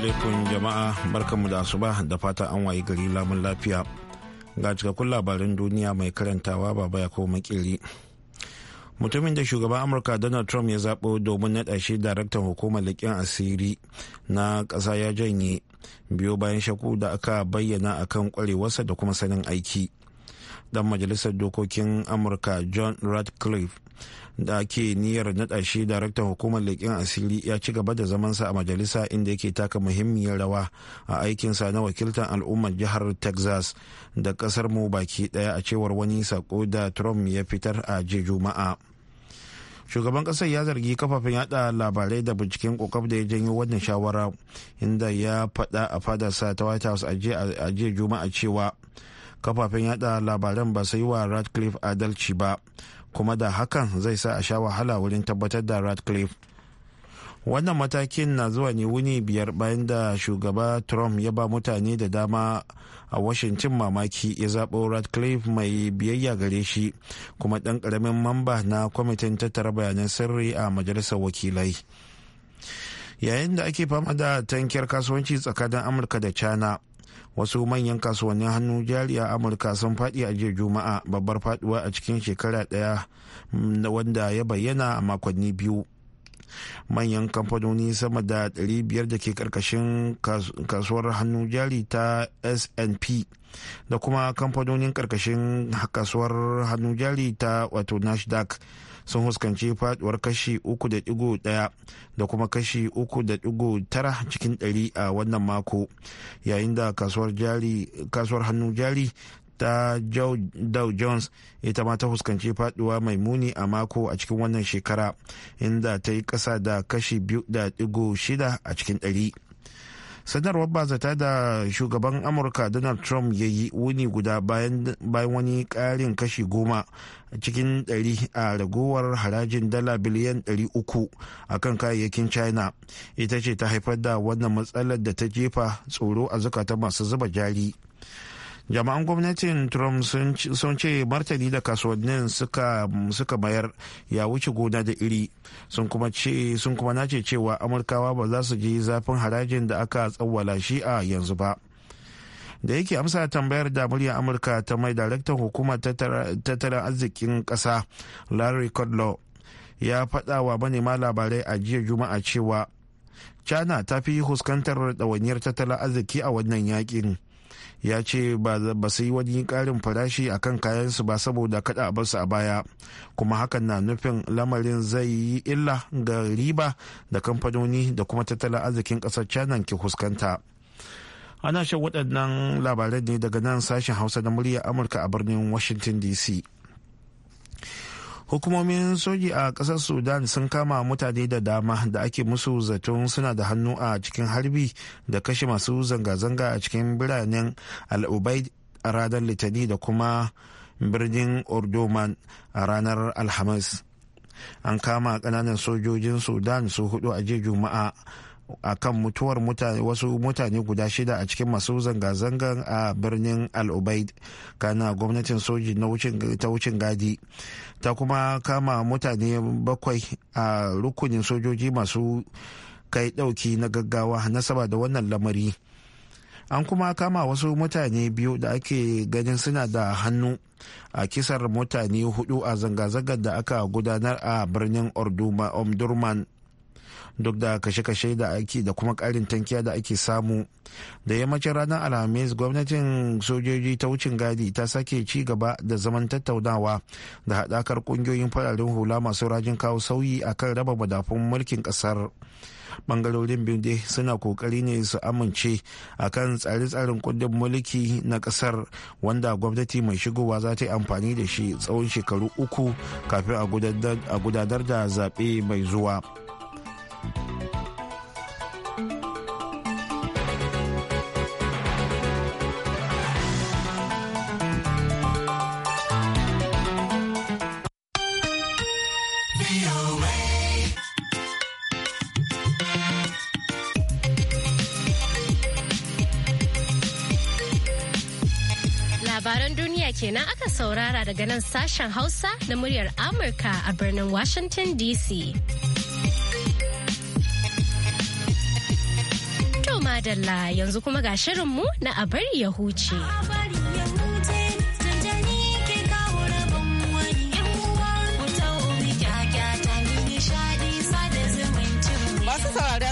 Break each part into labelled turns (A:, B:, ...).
A: alaikum jama'a barkanmu da asuba da fata an wayi gari lamun lafiya ga cikakkun labaran duniya mai karantawa baba ya ko makiri mutumin da shugaban amurka donald trump ya zaɓo domin naɗa shi daraktan hukumar leƙen asiri na ƙasa ya janye biyo bayan shaku da aka bayyana akan kwarewarsa da kuma sanin aiki dan majalisar dokokin amurka john radcliffe da ke niyyar naɗa shi daraktan hukumar leƙen asiri ya ci gaba da zamansa a majalisa inda yake taka muhimmiyar rawa a aikinsa na wakiltar al'ummar jihar texas da ƙasar mu baki ɗaya a cewar wani sako da trump ya fitar a je juma'a shugaban kasar ya zargi kafafen yada labarai da binciken kokaf da ya janyo wannan shawara inda ya faɗa a fadarsa ta white house a jiya juma'a cewa kafafen yada labaran ba su yi wa radcliffe adalci ba kuma da hakan zai sa a sha wahala wurin tabbatar da radcliffe wannan matakin na zuwa ne wuni biyar bayan da shugaba trump ya ba mutane da dama a washington mamaki ya zaɓo radcliffe mai biyayya gare shi kuma ɗan ƙaramin mamba na kwamitin tattara bayanan sirri a majalisar wakilai yayin da ake fama da tankiyar kasuwanci tsakanin amurka da china wasu manyan kasuwannin hannu jari a amurka sun faɗi a jiya juma'a babbar faduwa a cikin shekara ɗaya mm, wanda ya bayyana a makonni biyu manyan kamfanoni sama da 500 da ke karkashin kasuwar hannu jari ta snp da kuma kamfanonin karkashin kasuwar hannu jari ta wato nasdaq sun fuskanci faduwar kashi 3.1 da kuma kashi 3.9 cikin 100 a wannan mako yayin da kasuwar hannu jari ta Dow Jones ita ma ta fuskanci faduwa mai muni a mako a cikin wannan shekara inda ta yi kasa da kashi shida a cikin 100. sanarwar zata da shugaban amurka donald trump ya yi wuni guda bayan wani karin kashi goma cikin ɗari a ragowar harajin dala biliyan 300 a kan kayayyakin china ita ce ta haifar da wannan matsalar da ta jefa tsoro a zukatan masu zuba jari jama'an gwamnatin trump sun ce martani da kasuwannin suka mayar ya wuce gona da iri sun kuma nace cewa amurkawa ba za su ji zafin harajin da aka tsawwala shi a yanzu ba da yake amsa tambayar da muryar amurka ta mai daraktan hukumar tattalin arzikin ƙasa larry kudlow ya faɗa wa manema labarai a jiya juma'a cewa china ta fi huskantar ɗawainiyar tattalin arziki a wannan yakin ya ce ba su yi wani karin farashi a kan kayansu ba saboda kada a basu a baya kuma hakan na nufin lamarin zai yi illa ga riba da kamfanoni da kuma tattalin arzikin kasar china ke fuskanta ana shan waɗannan labarai ne daga nan sashen hausa na murya amurka a birnin washington dc hukumomin soji a ƙasar sudan sun kama mutane da dama da ake musu zaton suna da hannu a cikin harbi da kashe masu zanga-zanga a cikin biranen al'ubai a ranar litani da kuma birnin ordoman a ranar alhamis an kama kananan sojojin sudan su hudu a jiya juma'a a kan mutuwar mutane wasu mutane guda shida a cikin masu zanga-zangan a birnin al'ubaid kana gwamnatin soji ta wucin gadi ta kuma kama mutane bakwai a rukunin sojoji masu kai dauki na gaggawa nasaba da wannan lamari an kuma kama wasu mutane biyu da ake ganin suna da hannu a kisar mutane hudu a zanga-zangar da aka gudanar a birnin omdurman duk da kashe-kashe da ake da kuma karin tankiya da ake samu da yammacin ranar alhamis gwamnatin sojoji ta wucin gadi ta sake ci gaba da zaman tattaunawa da haɗakar ƙungiyoyin fararen hula masu rajin kawo sauyi a kan raba madafun mulkin ƙasar bangarorin biyu suna kokari ne su amince a kan tsare-tsaren kundin mulki na ƙasar wanda gwamnati mai shigowa za ta yi amfani da shi tsawon shekaru uku kafin a gudanar da zaɓe mai zuwa.
B: kenan aka saurara daga nan sashen Hausa na muryar Amurka a birnin Washington DC. To madalla yanzu kuma ga shirinmu na abar bari ya huce.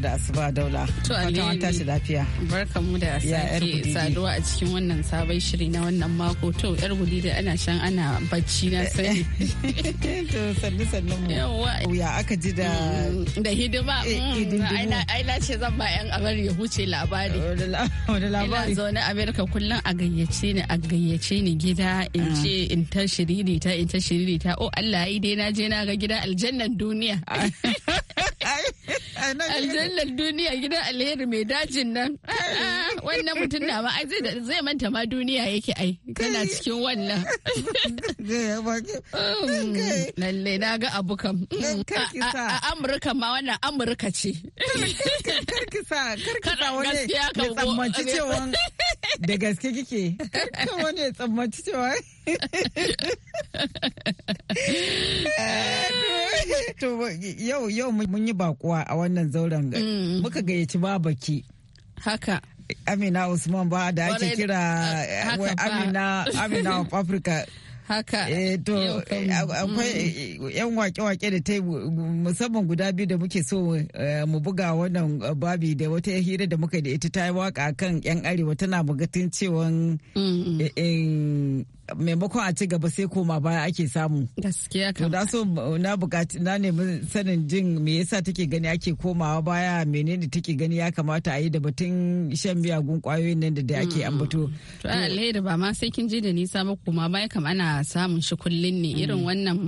C: da asuba daula. To ta shi lafiya.
D: Barka
E: mu da sake saduwa a cikin wannan sabon shiri na wannan mako. To yar gudi da ana shan ana bacci na sani. To sannu sannu mu. yawa Ya aka ji da. Mm, da hidima. Eh, mm, ai na ce zan ba yan abar ya huce labari. Wani labari. Ina zaune Amerika kullum a gayyace ni a gayyace ni gida in ah. ce in ta shiriri ta in ta shiriri ta. Oh Allah ya yi dai na je na ga gida aljannan duniya. Ah. aljannar duniya gidan alheri mai dajin nan wannan mutum na ma zai manta ma duniya yake ai kana eh. cikin wannan mm, lalle na ga abu kam mm, eh, a amurka ma wannan amurka ce karkisa karkisa wani ya tsammanci
C: cewa da gaske kike wani ya tsammanci cewa yau yau mun yi bakuwa a wannan zauren mm. muka gayyaci babaki haka amina usman ba da ake kira amina amina of africa
E: haka eh to akwai
C: mm. yan wake-wake da ta musamman guda biyu da muke so eh, mu buga wannan eh, babi da wata hira da muka da ita ta yi waka kan yan arewa tana bugatin cewa. Mm. Eh, maimakon a ci gaba sai koma baya ake samu. Gaskiya kan. Na so na bukaci na nemi sanin jin me yasa take gani ake komawa baya menene take gani ya kamata a yi da batun shan miyagun kwayoyin nan da da ake ambato.
E: To a alheri ba ma sai kin je da nisa ba koma baya kam ana samun shi kullun ne irin mm. wannan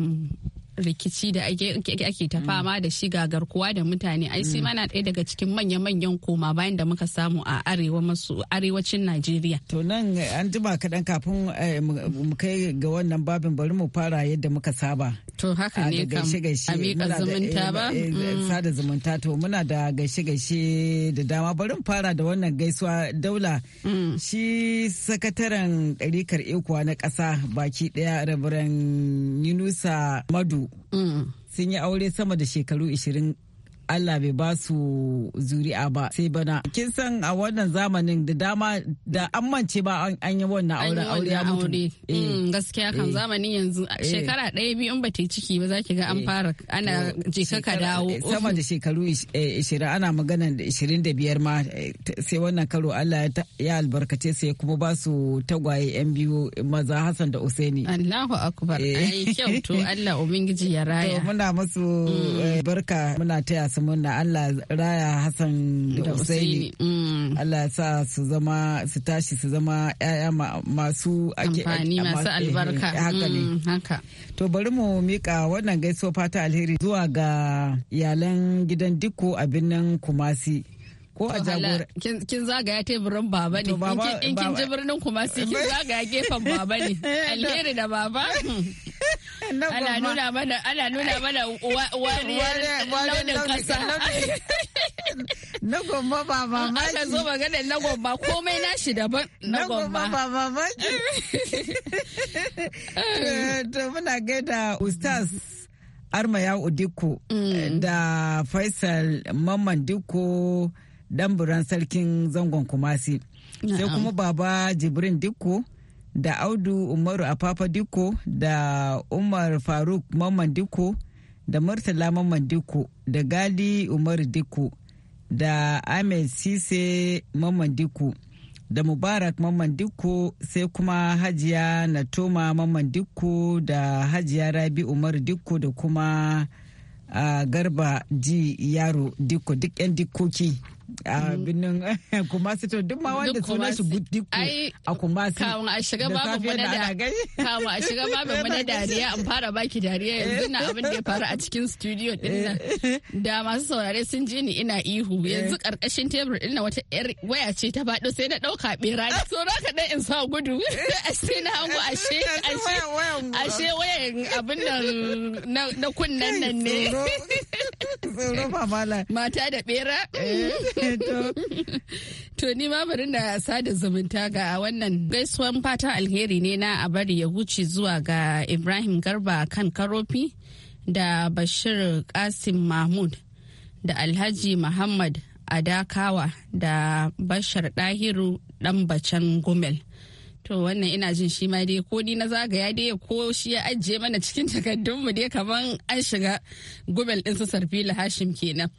E: rikici da ake ta mm. fama da shi ga garkuwa da mutane ai sai mana mm. ɗaya daga cikin manya-manyan koma bayan da muka samu a arewa masu arewacin Najeriya. To
C: nan eh, an jima kaɗan kafin eh, mu kai ga wannan babin bari mu fara yadda muka saba.
E: To haka ne kam a miƙa eh, zumunta ba. Mm.
C: Sada zumunta to muna da gaishe-gaishe da dama bari mu fara da wannan gaisuwa daula. Shi sakataren ɗarikar ikuwa na ƙasa baki ɗaya rabaran Yunusa Madu biyu. Mm. Sun yi aure sama da shekaru ishirin Allah bai ba su zuri'a ba sai bana. Kin san a wannan zamanin da dama da an mance ba an yi wannan aure aure ya mutu. Eh. Mm,
E: gaskiya kan eh. zamanin yanzu eh. shekara ɗaya biyu in bata yi ciki ba za ki ga an fara ana jika ka dawo. Sama da
C: shekaru ishirin ana maganan da ishirin da biyar ma sai wannan karo Allah ya albarkace sai kuma ba su tagwaye yan biyu maza Hassan da Usaini. Allahu akbar. Ai kyau to Allah
E: ubangiji ya raya. Muna
C: musu mm. barka muna taya su murna Allah raya Hassan da Usaini mm. Allah ya sa su zama su tashi su zama ƴaƴa masu amfani masu eh, albarka haka ne mm, haka to bari mu mika wannan gaisuwa fata alheri zuwa ga iyalan gidan Dikko a birnin Kumasi ko a jagora
E: kin zagaya teburin baba ne in kin ji birnin kuma sai kin zagaya gefen baba ne alheri da baba ana nuna mana ana nuna mana wariyar launin kasa na gomba ba mamaki aka zo magana na gomba komai nashi daban na gomba ba mamaki
C: to muna gaida ustaz armaya udiko mm. eh, da faisal mamman diko dan buran sarkin zangon kumasi sai kuma baba jibrin dikko da audu umaru afafa dikko da umar faruk mamman dikko da murtala mamman dikko da gali Umar dikko da ahmed sise mamman dikko da mubarak mamman dikko sai kuma hajiya natoma mamman dikko da hajiya rabi Umar dikko da kuma uh, garba ji yaro dikko duk 'yan dikkoki a birnin eh, kumasi to duk ma wanda suna shi
E: dukku a kumasi kawun a shiga babu mana da kawo a shiga babu mana dariya an fara baki dariya yanzu na abin da ya faru a cikin studio din nan eh. da masu saurare sun ji ni ina ihu eh. yanzu karkashin tebur din nan wata yar waya ce ta fado sai na dauka bera ni so ka dan in sa gudu sai na hango ashe ashe ashe wayan abin nan na kunnan nan ne mata da bera To ni ma bari na sada zumunta ga wannan gaisuwan fatan alheri ne na a bari ya wuce zuwa ga Ibrahim Garba kan karofi da Bashir Kasim Mahmud da Alhaji Muhammad Adakawa da Bashar Dahiru Ɗanbacan Gumel. To wannan ina jin shi ma dai ko ni na zagaya dai ko shi ya ajiye mana cikin takardunmu dai kaman an shiga gumel ɗin su Sarfila Hashim kenan.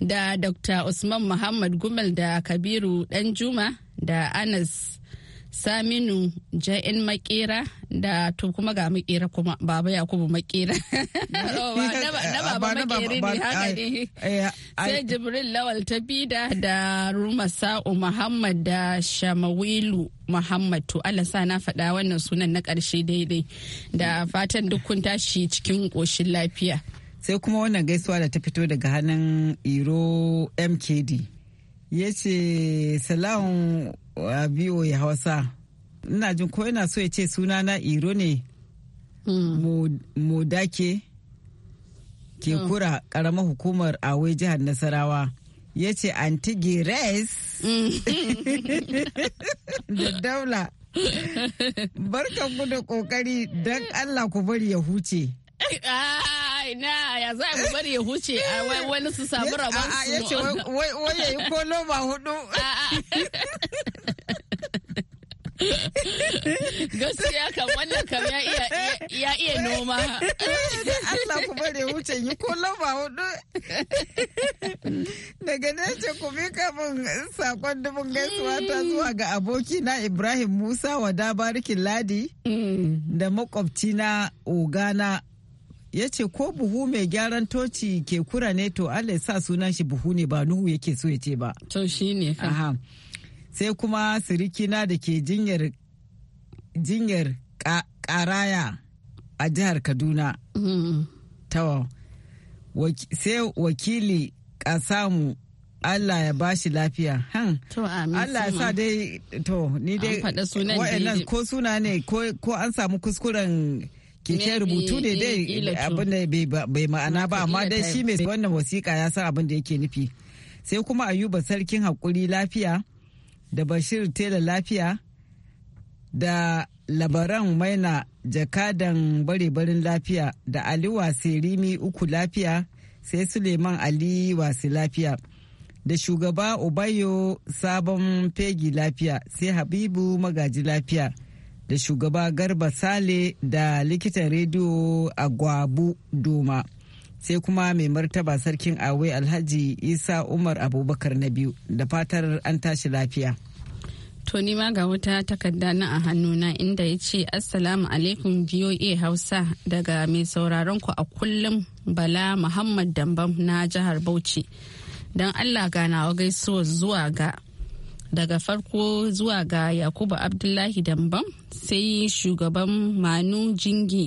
E: da dr usman muhammad gumel da kabiru danjuma da anas saminu ja'in makera da to kuma ga makera kuma baba yakubu makera oh, eh, na baba makeri ne haka ne eh, sai jibril lawal tabida da ruma sa'u muhammad da shamawilu muhammad to allah sa na faɗa wannan sunan na ƙarshe daidai da fatan duk kun tashi cikin ƙoshin lafiya
C: sai kuma wannan gaisuwa da ta fito daga hannun iro mkd ya ce salamun uh, abiyo ya hausa ina jin ko ina so ya ce suna na iro ne mu mm. dake
A: ke mm. kura
C: karamar hukumar awai jihar nasarawa ya ce antigires mm. da daula barkan da kokari don allah ku bari ya huce
E: ah. ina ya za mu bari ya huce wani su samu rabon su ya ce wai ya yi kolo ba hudu gaskiya kan wannan kam ya iya noma
C: eh, Allah ku ya huce yi kolo ba hudu daga nace ku bi kamun sakon dubun gaisuwa ta zuwa ga aboki na Ibrahim Musa wa dabarikin Ladi mm. da makwabci na Ogana ya ce ko buhu mai gyaran toci ke kura ne to allah sa sunan shi buhu ne ba nuhu yake so ya ce ba to shi ne sai kuma sirikina da ke jinyar jinyar karaya a jihar kaduna mm-hmm. tawa sai wakili kasamu Allah ya ba shi lafiya. Hmm. Allah ya sa dai to ni dai ko suna ne ko an samu kuskuren keke rubutu ne dai eh, abin da bai ma'ana ba amma dai shi mai wannan wasiƙa ya san abin da yake nufi sai kuma ayuba sarkin haƙuri lafiya da bashir tela lafiya da labaran maina jakadan bare-barin lafiya da ali wase rimi uku lafiya sai suleiman ali wasi lafiya da shugaba obayo sabon fegi lafiya sai habibu magaji lafiya da shugaba garba sale da likitan rediyo agwabu doma sai kuma mai martaba sarkin awe alhaji isa umar abubakar na biyu da fatar an tashi lafiya
E: to ma ga wata takarda na a hannuna inda ya ce assalamu alaikum voa hausa daga mai sauraron ku a kullum bala muhammad dambam na jihar bauchi don allah ganawa gaisuwa zuwa ga daga farko zuwa ga yakubu abdullahi dambam sai shugaban manu jingi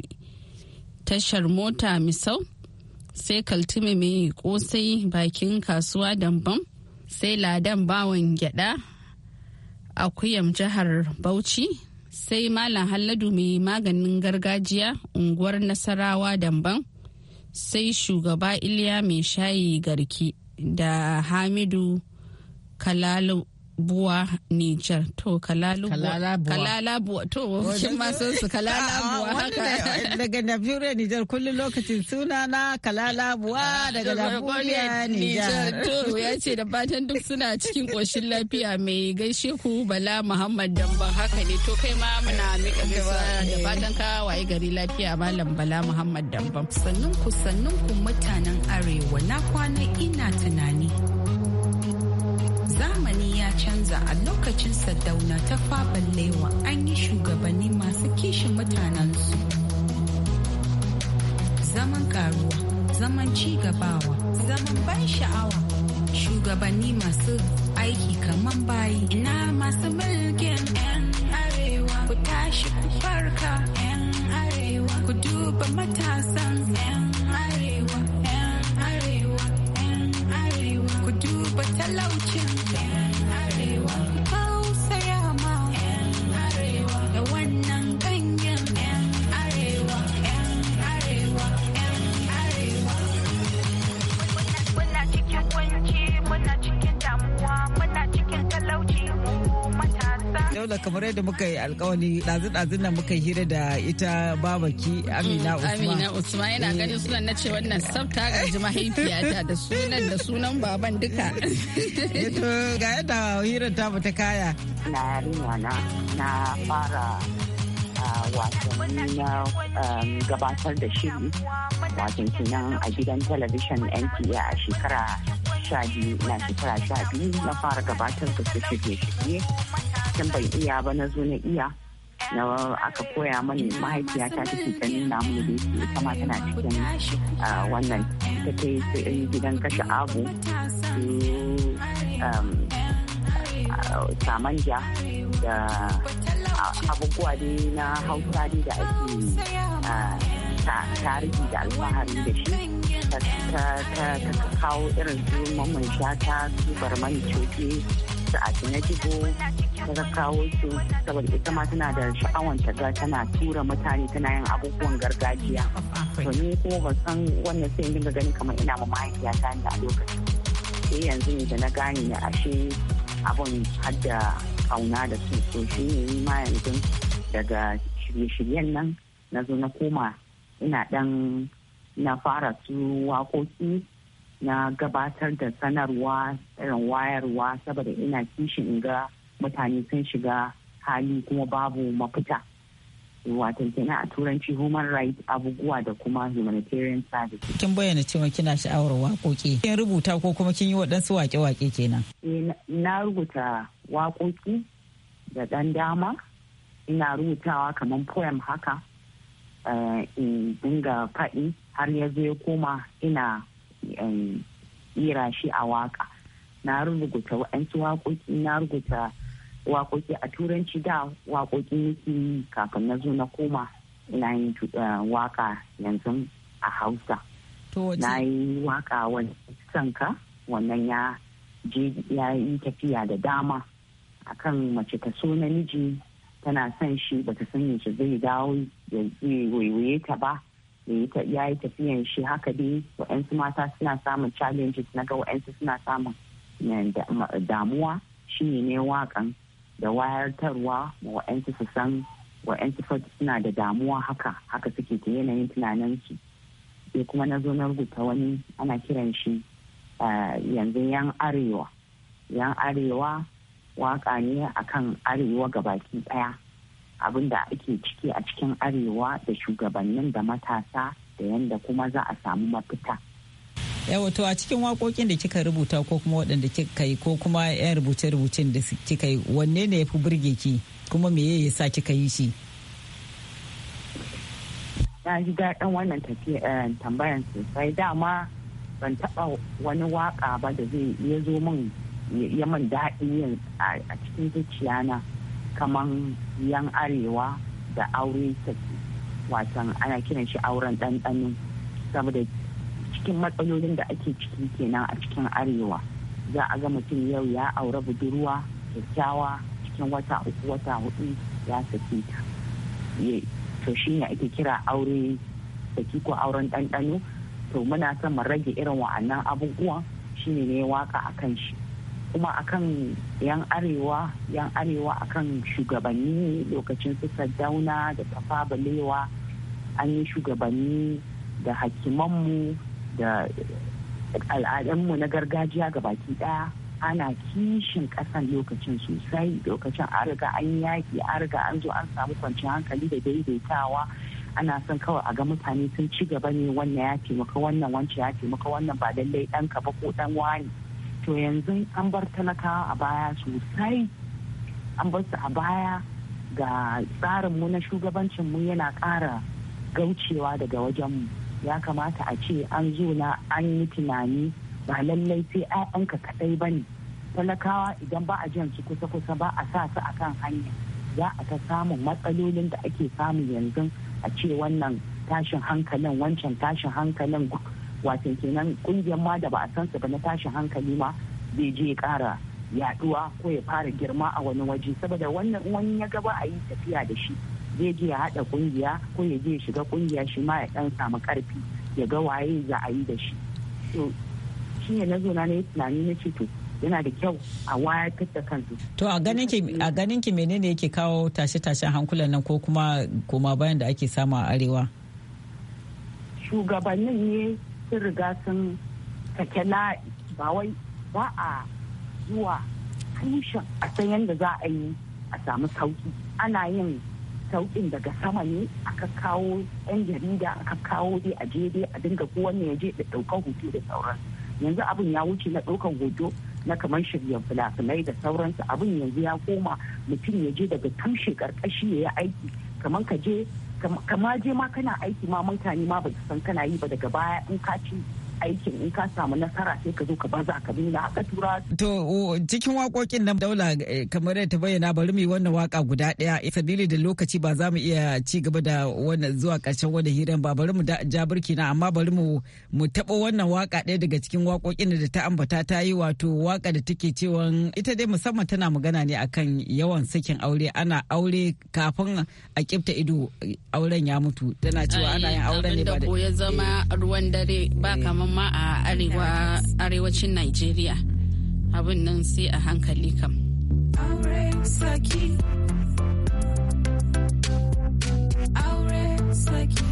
E: tashar mota misau sai kaltume mai kosai bakin kasuwa dambam sai ladan bawan gyada a kuyam jihar bauchi sai malam halladu mai maganin gargajiya unguwar nasarawa dambam sai shugaba iliya mai shayi garki da hamidu kalalu. buwa Nijar to kalala kalala buwa to shi ma sun su kalala buwa haka daga Najeriya Nijar kullum lokacin suna na kalala buwa daga Najeriya Nijar to ya ce da fatan duk suna cikin koshin lafiya mai gaishe ku Bala Muhammad ban haka ne to kai ma muna mika gaisuwa da fatan ka waye gari lafiya Malam Bala Muhammad ban sannan ku sannan ku mutanen arewa na kwana ina tunani zamani ya canza a lokacin sadauna ta faballewa an yi shugabanni masu kishin mutanensu zaman karuwa zaman cigabawa zaman ban sha'awa shugabanni masu aiki kamar bayi ina masu mulkin 'yan arewa ku tashi ku farka 'yan arewa ku duba matasan 'yan arewa 'yan arewa 'yan arewa ku duba talaucin
C: daula kamar yadda muka yi alkawari ɗazu-ɗazun nan muka hira da ita babaki amina usman mm, amina usman yana ganin
E: sunan na ce wannan sabta ga ji mahaifiyata da sunan da sunan baban duka
C: to
F: ga yadda hirar ta ta kaya na yarinya na na fara ah, wasanni na um, gabatar da shiri wajen kenan a gidan talabishin NTA a shekara sha biyu na shekara sha biyu na fara gabatar da su shirye-shirye tun ban iya ba na zo na iya na aka koya mani mahaifiyata take ta nuna mu da ke kama tana cikin ah, wannan ta yi gidan kashe abu um, ah, ah, samanja da abubuwa ne na hausa ne da
D: ake
F: tarihi da alfahari da shi ta kawo irin su mamman shata su barman coke sa'adu na jibo ta kawo su saboda ita ma tana da sha'awar ta ga tana tura mutane tana yin abubuwan gargajiya to ni kuma ban san wannan sai dinga gani kamar ina ma mahaifiyata ni a lokacin sai yanzu ne da na gane ne ashe abun hadda kauna da su so shi ne ni ma yanzu daga shirye-shiryen nan na zo na koma ina dan na fara su waƙoƙi na gabatar da sanarwa irin wayarwa saboda ina kishin in ga mutane sun shiga hali kuma babu mafita wato kina a turanci human rights abubuwa da kuma humanitarian service
C: kin bayyana cewa kina sha'awar waƙoƙi kin rubuta ko kuma kin yi waɗansu waƙe-waƙe kenan
F: eh, na rubuta waƙoƙi da ɗan dama ina rubutawa kamar poem haka eh, in dinga faɗi har ya zo ya koma ina tsira shi a waka na rubuta waɗansu waƙoƙi na rubuta waƙoƙi a turanci da waƙoƙi nake yi kafin na zo na koma ina yin eh, waka yanzu a hausa na yi waka wani sanka wannan ya ya yi tafiya da dama akan mace ta so miji tana son shi bata san shi zai dawo ya zai waiwaye ta ba ya yi tafiyan shi haka dai wa'yansu mata suna samun challenges na ga wa'yansu suna samun eh, damuwa shi ne wakan da wayartarwa ma wa'yansu su san wa'yansu suna da damuwa haka haka suke ta yanayin su sai kuma na zo na rubuta wani ana kiran shi eh, yanzu yan arewa yan arewa waka ne akan arewa gabaki daya abin da ake ciki a cikin arewa da shugabannin da matasa da yadda kuma za a samu mafita. yawa to a cikin
C: wakokin da kika rubuta ko kuma waɗanda kika yi ko kuma 'yan rubuce-rubucen da kika yi wanne ne ya fi burge ki kuma me ya sa kika yi shi
F: na ji daɗin wannan eh, tambayan sosai dama ban taɓa wani waka ba da zai ya zo min ya man daɗi a cikin zuciyana. na kaman yan arewa da aure take watan ana kiran shi auren ɗanɗano saboda cikin matsalolin da ake ciki kenan a cikin arewa za a ga mutum yau ya aure budurwa kyakkyawa cikin wata uku wata hudu ya saki ta to shi ne ake kira aure saki ko auren ɗanɗano to muna son mu rage irin wa'annan abubuwan shi ne waka a kan shi kuma akan yan arewa yan arewa akan shugabanni lokacin su sadauna da tafa balewa an yi shugabanni da hakimanmu da al'adunmu na gargajiya ga baki daya ana kishin kasan lokacin sosai lokacin an riga an yaki an riga an zo an samu kwanciyar hankali da daidaitawa ana son kawai a ga mutane sun ci gaba ne wannan ya taimaka wannan wancan ya taimaka wannan ba lallai ɗanka ba ko ɗan wani to yanzu an bar talakawa a baya sosai an bar su a baya ga tsarinmu na shugabancinmu yana kara gaucewa daga wajenmu ya kamata a ce an zo na an yi tunani ba lallai sai 'ya'yanka kadai ba ne talakawa idan ba a jan su kusa-kusa ba a sa su a kan hanya za a ta samun matsalolin da ake samu yanzu a ce wannan tashin hankalin wancan tashin hankalin wato kenan kungiyar ma da ba a san su ba na tashi hankali ma zai je kara yaduwa ko ya fara girma a wani waje saboda wannan wani ya gaba a yi tafiya da shi zai je ya haɗa kungiya ko ya je shiga kungiya shi ma ya dan samu karfi ya ga waye za a yi da shi to shi ne na zo na yi tunani na ce to yana da kyau a wayar da kansu.
C: To a ganin ki menene yake kawo tashe-tashen hankulan nan ko kuma koma bayan da ake samu a arewa?
F: Shugabannin ne sun riga sun sake la'i ba wai ba a zuwa tushen a san yadda za a yi a samu sauki ana yin saukin daga sama ne aka kawo yan jarida aka kawo dai a je dai a dinga kowanne ya je da ɗaukan hoto da sauran yanzu abin ya wuce na ɗaukar hoto na kamar shirya fina da sauransu abin yanzu ya koma mutum ya je daga tushe karkashi ya yi aiki kamar ka je kama je ma kana aiki ma mutane ma ba san kana yi ba daga baya in ka ci aikin in ka samu nasara sai ka zo ka baza ka nuna haka tura.
C: To cikin wakokin nan daula eh, kamar ta bayyana bari mu yi wannan waka guda daya eh, sabili da lokaci ba za mu iya ci gaba da wannan zuwa karshen wannan hiran ba bari mu ja birki na amma bari mu mu taɓo wannan waka ɗaya daga cikin wakokin da ta ambata ta yi wato waka da take cewa ita dai musamman tana magana ne akan yawan sakin aure ana aure kafin a kifta ido auren ya mutu tana
E: cewa ana yin auren ne ba da. zama eh. ruwan dare ba kamar musamman ma a arewacin Najeriya abin nan sai a hankali kam. Aure saki.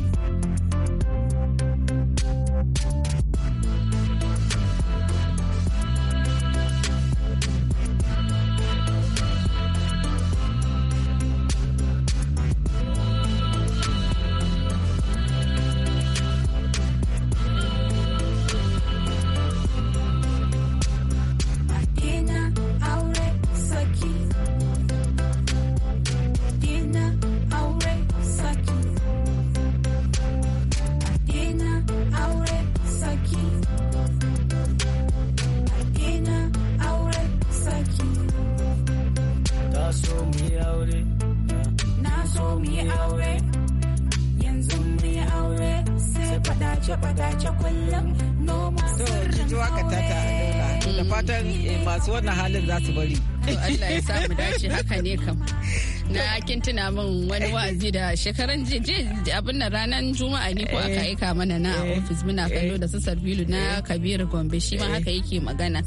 E: fadace-fadace kullum
C: fatan eh, masu wannan halin za su bari. To, Allah ya samu dace haka
E: ne kam. na kin tuna min wani wa'azi da shekaran jiya abin nan ranar juma'a ne ko aka eh. aika mana na eh. ofis muna eh. kallo da su bilu na kabir gombe shi ma haka yake magana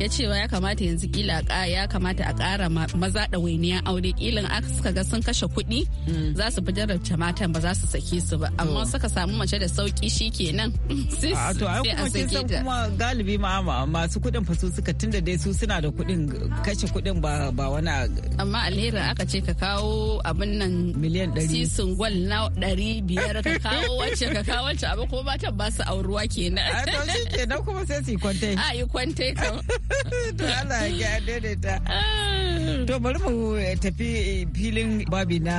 E: ya cewa ya kamata yanzu kila ya kamata a kara maza da wainiya aure kilin aka suka ga sun kashe kuɗi hmm. za su fi jarabta matan ba za su sake su ba amma suka samu mace da sauki shi kenan ah, sai a sake ta kuma
C: galibi ma masu kuɗin faso suka tunda dai su suna da kuɗin kashe kuɗin ba wani
E: amma alheri aka ce sai ka kawo abin nan miliyan ɗari sisin gwal na ɗari biyar ka kawo wacce ka kawo wacce abin kuma matan ba su auruwa kenan. A to shi kenan kuma sai su yi kwantai. A yi kwantai kan. To Allah ya daidaita. Ah. To bari mu
C: tafi filin babi na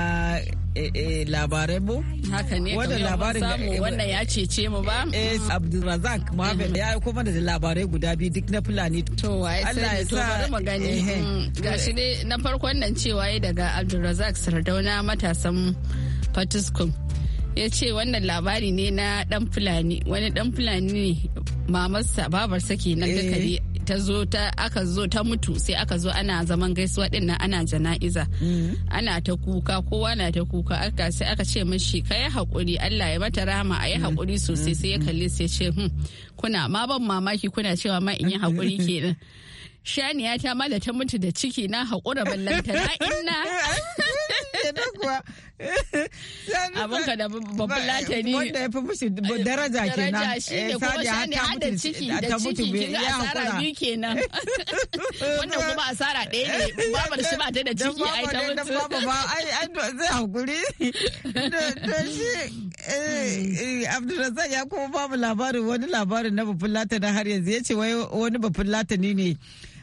C: Eh, eh, labarai mu
E: haka ne wanda labarin wannan ya cece mu ba eh
C: Abdulrazak Muhammad mm. ya aiko mana da labarai guda biyu duk na Fulani to waye Allah ya sa bari mu gani eh, mm, gashi
E: ne na farkon nan cewa daga Abdulrazak Sardauna matasan patiskum ya ce wannan labari ne na dan fulani wani dan fulani ne mamarsa babarsa kenan duka ne ta zo ta aka zo ta mutu sai aka zo ana zaman gaisuwa din ana jana'iza mm. ana ta kuka kowa na ta kuka aka sai aka ce mashi ka yi hakuri Allah ya mata rama a yi mm. hakuri sosai sai ya mm. kalli sai ce hmm, kuna ma ban mamaki kuna cewa ma in yi hakuri kenan shaniya ta ma da ta mutu da ciki na hakura ballanta na inna abin ka da babban
C: latani wanda ya fi mushi daraja kenan daraja shi ne eh, kuma shani har da ciki da ciki kin asara biyu kenan wanda kuma asara ɗaya ne babar shi ba ta da ciki ai ta mutu baba ba ai ai zai hakuri to shi eh, eh, Abdulrazak ya kuma babu labarin wani labarin na babban latani har yanzu ya ce wai wani babban latani ne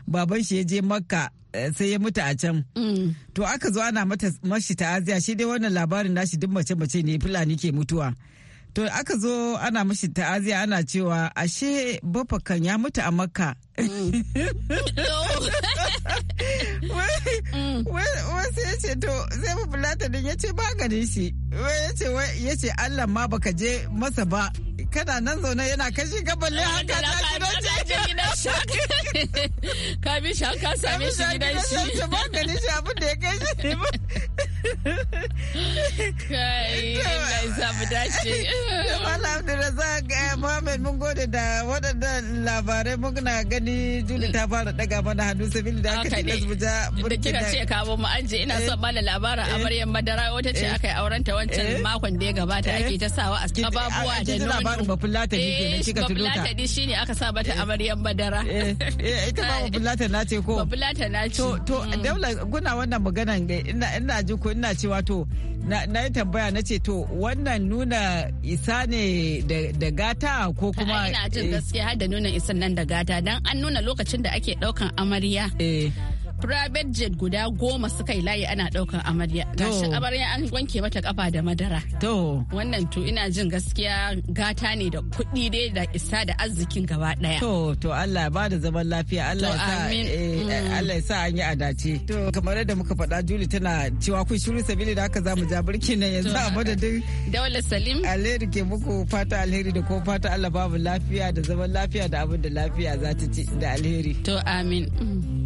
C: baban shi ya je makka Eh, sai ya mutu a can. Mm. To aka zo ana mata mashi ta'aziya shi dai wannan labarin nashi duk mace-mace ne Fulani ke mutuwa. To aka zo ana mashi ta'aziya ana cewa ashe bafa kan ya mutu a makka. Mm. Wasu ya ce to sai mafulatanin ya ce ba ganin shi. Ya ce Allah ma baka je masa ba. kana nan zaune yana kashi ka balle haka na gidan shi
E: ka bi shi haka same shi bi shi ba same shi abin da ya kai shi Kai, Allah ya samu
C: dace. Alhamdulillah, eh, Muhammad mun gode da waɗannan labarai muna gani Juli ta fara daga mana hannu sabili da aka tilas mu ja Da kika ce kawo mu anje ina son eh. bada labarin amaryan eh. madara wata ce aka yi auren ta wancan makon da ya gabata ake ta sawa a ababuwa da nono. labarin bafulata ne kenan kika tuno ta. Bafulata
E: shine aka sa bata amaryan
C: madara. Ita ba bafulata na ce ko. Bafulata na ce. To, to, mm. Daula, guna wannan maganan ina jin ko ina cewa to na yi tambaya na ce to wannan nuna isa ne da gata ko kuma ina jin eh? gaskiya
E: har da nuna isa nan da gata dan an nuna lokacin da ake daukan amarya eh. private jet guda goma suka yi layi ana daukan amarya gashi amarya an wanke mata kafa da madara to wannan to ina jin gaskiya gata ne da kuɗi dai da isa da arzikin gaba daya to
C: to Allah ya bada zaman lafiya Allah ya sa eh, eh, mm. Allah ya sa an yi adace to kamar yadda muka faɗa Juli tana cewa kun shiru sabili da haka zamu ja birki nan yanzu a madadin
E: Daula Salim
C: alheri ke muku fata alheri da ko fata Allah babu lafiya da zaman lafiya da abin da lafiya za
E: ta ci da alheri to amin mm.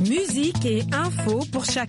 B: Musique et info pour chacun.